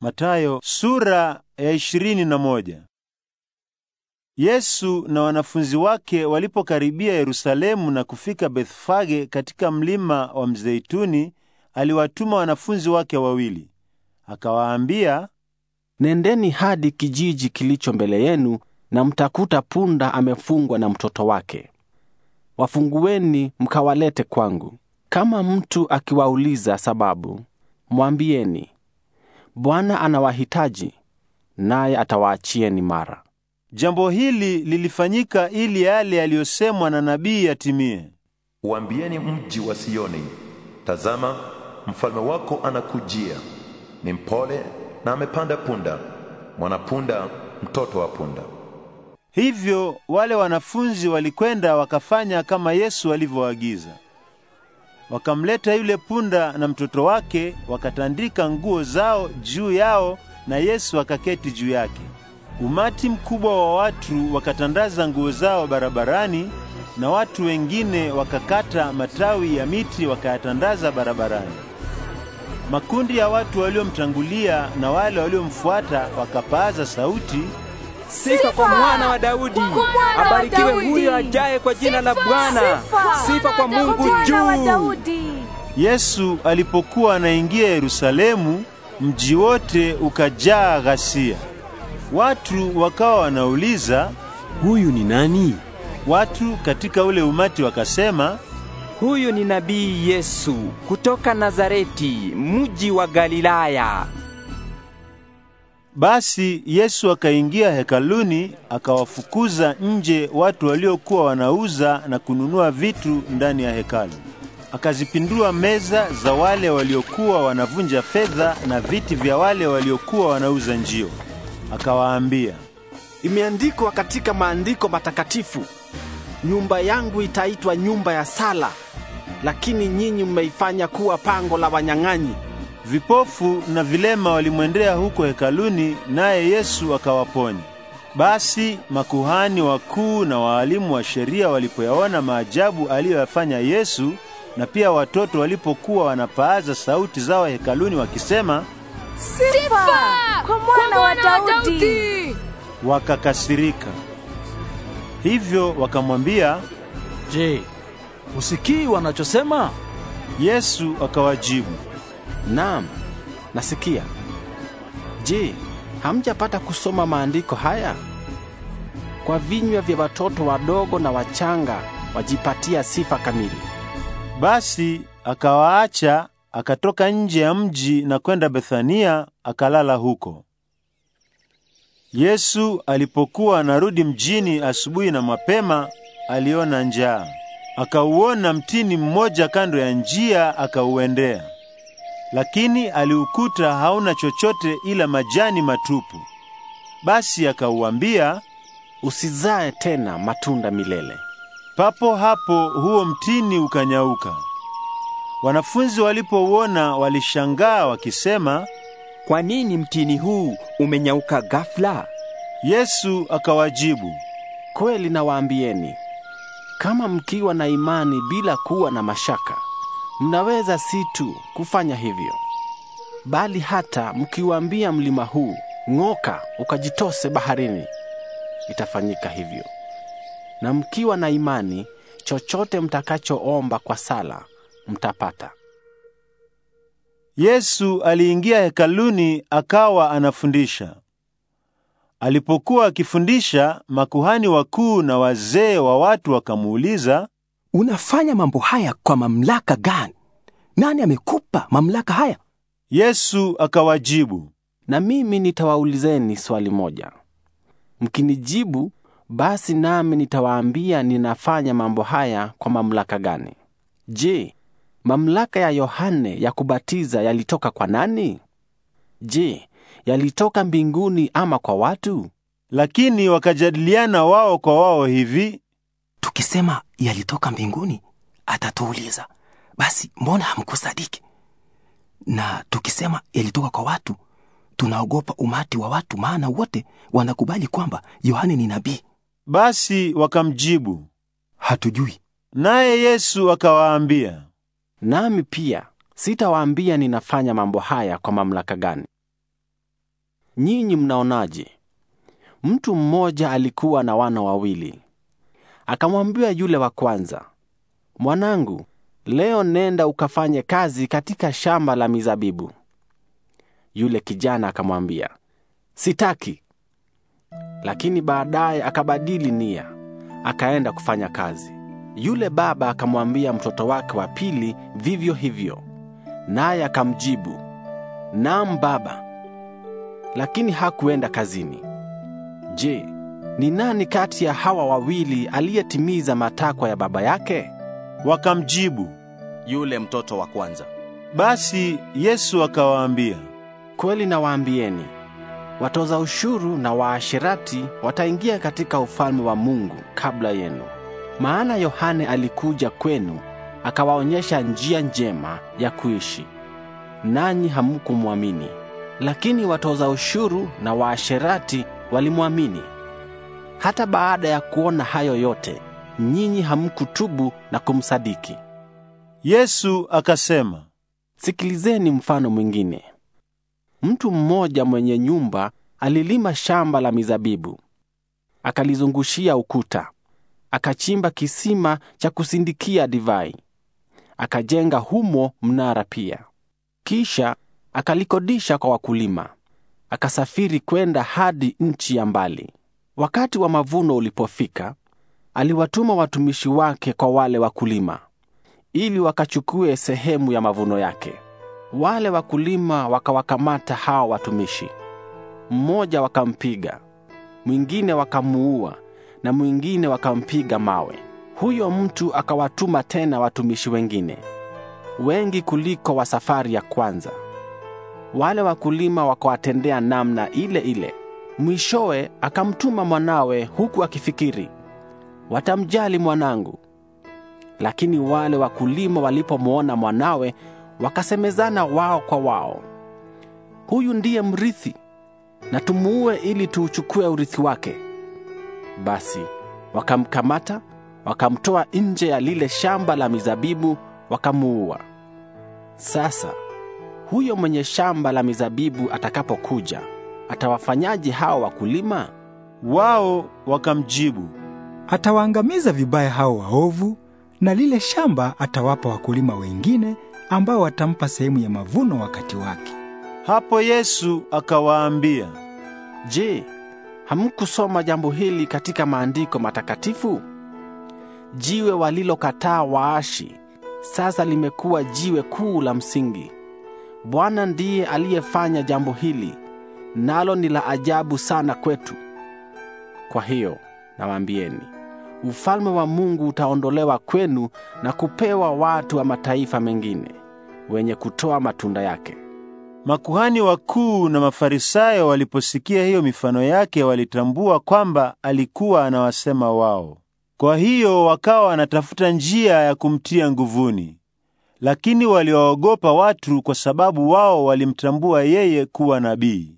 Matayo sura ya ishirini na moja. Yesu na wanafunzi wake walipokaribia Yerusalemu na kufika Bethfage katika mlima wa Mzeituni, aliwatuma wanafunzi wake wawili. Akawaambia, Nendeni hadi kijiji kilicho mbele yenu na mtakuta punda amefungwa na mtoto wake. Wafungueni mkawalete kwangu. Kama mtu akiwauliza sababu, mwambieni Bwana anawahitaji naye atawaachieni mara. Jambo hili lilifanyika ili yale yaliyosemwa na nabii yatimie: uambieni mji wa Sioni, tazama mfalme wako anakujia, ni mpole na amepanda punda, mwanapunda, mtoto wa punda. Hivyo wale wanafunzi walikwenda wakafanya kama Yesu alivyoagiza. Wakamleta yule punda na mtoto wake, wakatandika nguo zao juu yao, na Yesu akaketi juu yake. Umati mkubwa wa watu wakatandaza nguo zao barabarani, na watu wengine wakakata matawi ya miti wakayatandaza barabarani. Makundi ya watu waliomtangulia na wale waliomfuata wakapaaza sauti, sifa kwa mwana wa Daudi! Abarikiwe huyo ajaye kwa jina la Bwana. Sifa, sifa kwa Mungu juu. Yesu alipokuwa anaingia Yerusalemu, mji wote ukajaa ghasia. Watu wakawa wanauliza, huyu ni nani? Watu katika ule umati wakasema, huyu ni nabii Yesu kutoka Nazareti, mji wa Galilaya. Basi Yesu akaingia hekaluni akawafukuza nje watu waliokuwa wanauza na kununua vitu ndani ya hekalu. Akazipindua meza za wale waliokuwa wanavunja fedha na viti vya wale waliokuwa wanauza njio. Akawaambia, imeandikwa katika maandiko matakatifu, nyumba yangu itaitwa nyumba ya sala, lakini nyinyi mmeifanya kuwa pango la wanyang'anyi. Vipofu na vilema walimwendea huko hekaluni, naye Yesu akawaponya. Basi makuhani wakuu na waalimu wa sheria walipoyaona maajabu aliyoyafanya Yesu, na pia watoto walipokuwa wanapaaza sauti zao hekaluni wakisema, Sifa kwa mwana wa Daudi, wakakasirika. Hivyo wakamwambia, Je, usikii wanachosema? Yesu akawajibu, Naam, nasikia. Je, hamjapata kusoma maandiko haya? Kwa vinywa vya watoto wadogo na wachanga wajipatia sifa kamili. Basi akawaacha akatoka nje ya mji na kwenda Bethania akalala huko. Yesu alipokuwa anarudi mjini asubuhi na mapema, aliona njaa. Akauona mtini mmoja kando ya njia, akauendea lakini aliukuta hauna chochote ila majani matupu. Basi akauambia, usizae tena matunda milele. Papo hapo huo mtini ukanyauka. Wanafunzi walipouona walishangaa wakisema, kwa nini mtini huu umenyauka ghafla? Yesu akawajibu, kweli nawaambieni, kama mkiwa na imani bila kuwa na mashaka mnaweza si tu kufanya hivyo, bali hata mkiuambia mlima huu, ng'oka ukajitose baharini, itafanyika hivyo. Na mkiwa na imani, chochote mtakachoomba kwa sala mtapata. Yesu aliingia hekaluni akawa anafundisha. Alipokuwa akifundisha, makuhani wakuu na wazee wa watu wakamuuliza, Unafanya mambo haya kwa mamlaka gani? Nani amekupa mamlaka haya? Yesu akawajibu, na mimi nitawaulizeni swali moja. Mkinijibu, basi nami nitawaambia ninafanya mambo haya kwa mamlaka gani. Je, mamlaka ya Yohane ya kubatiza yalitoka kwa nani? Je, yalitoka mbinguni ama kwa watu? Lakini wakajadiliana wao kwa wao hivi, tukisema yalitoka mbinguni atatuuliza basi mbona hamkusadiki na tukisema yalitoka kwa watu tunaogopa umati wa watu maana wote wanakubali kwamba yohane ni nabii basi wakamjibu hatujui naye yesu akawaambia nami pia sitawaambia ninafanya mambo haya kwa mamlaka gani nyinyi mnaonaje mtu mmoja alikuwa na wana wawili Akamwambia yule wa kwanza, mwanangu, leo nenda ukafanye kazi katika shamba la mizabibu. Yule kijana akamwambia, sitaki. Lakini baadaye akabadili nia, akaenda kufanya kazi. Yule baba akamwambia mtoto wake wa pili vivyo hivyo, naye akamjibu, naam baba, lakini hakuenda kazini. Je, ni nani kati ya hawa wawili aliyetimiza matakwa ya baba yake? Wakamjibu, yule mtoto wa kwanza. Basi Yesu akawaambia, kweli nawaambieni, watoza ushuru na waasherati wataingia katika ufalme wa Mungu kabla yenu. Maana Yohane alikuja kwenu akawaonyesha njia njema ya kuishi, nanyi hamkumwamini, lakini watoza ushuru na waasherati walimwamini. Hata baada ya kuona hayo yote, nyinyi hamkutubu na kumsadiki. Yesu akasema, sikilizeni mfano mwingine. Mtu mmoja mwenye nyumba alilima shamba la mizabibu, akalizungushia ukuta, akachimba kisima cha kusindikia divai, akajenga humo mnara pia. Kisha akalikodisha kwa wakulima, akasafiri kwenda hadi nchi ya mbali. Wakati wa mavuno ulipofika, aliwatuma watumishi wake kwa wale wakulima ili wakachukue sehemu ya mavuno yake. Wale wakulima wakawakamata hao watumishi, mmoja wakampiga, mwingine wakamuua, na mwingine wakampiga mawe. Huyo mtu akawatuma tena watumishi wengine wengi kuliko wa safari ya kwanza. Wale wakulima wakawatendea namna ile ile. Mwishowe akamtuma mwanawe huku akifikiri, watamjali mwanangu. Lakini wale wakulima walipomwona mwanawe, wakasemezana wao kwa wao, huyu ndiye mrithi, na tumuue ili tuuchukue urithi wake. Basi wakamkamata, wakamtoa nje ya lile shamba la mizabibu, wakamuua. Sasa huyo mwenye shamba la mizabibu atakapokuja atawafanyaje hao wakulima? Wao wakamjibu, atawaangamiza vibaya hao waovu, na lile shamba atawapa wakulima wengine ambao watampa sehemu ya mavuno wakati wake. Hapo Yesu akawaambia, Je, hamkusoma jambo hili katika maandiko matakatifu? Jiwe walilokataa waashi sasa limekuwa jiwe kuu la msingi. Bwana ndiye aliyefanya jambo hili nalo ni la ajabu sana kwetu. Kwa hiyo nawaambieni, ufalme wa Mungu utaondolewa kwenu na kupewa watu wa mataifa mengine wenye kutoa matunda yake. Makuhani wakuu na Mafarisayo waliposikia hiyo mifano yake, walitambua kwamba alikuwa anawasema wao. Kwa hiyo wakawa wanatafuta njia ya kumtia nguvuni, lakini waliwaogopa watu, kwa sababu wao walimtambua yeye kuwa nabii.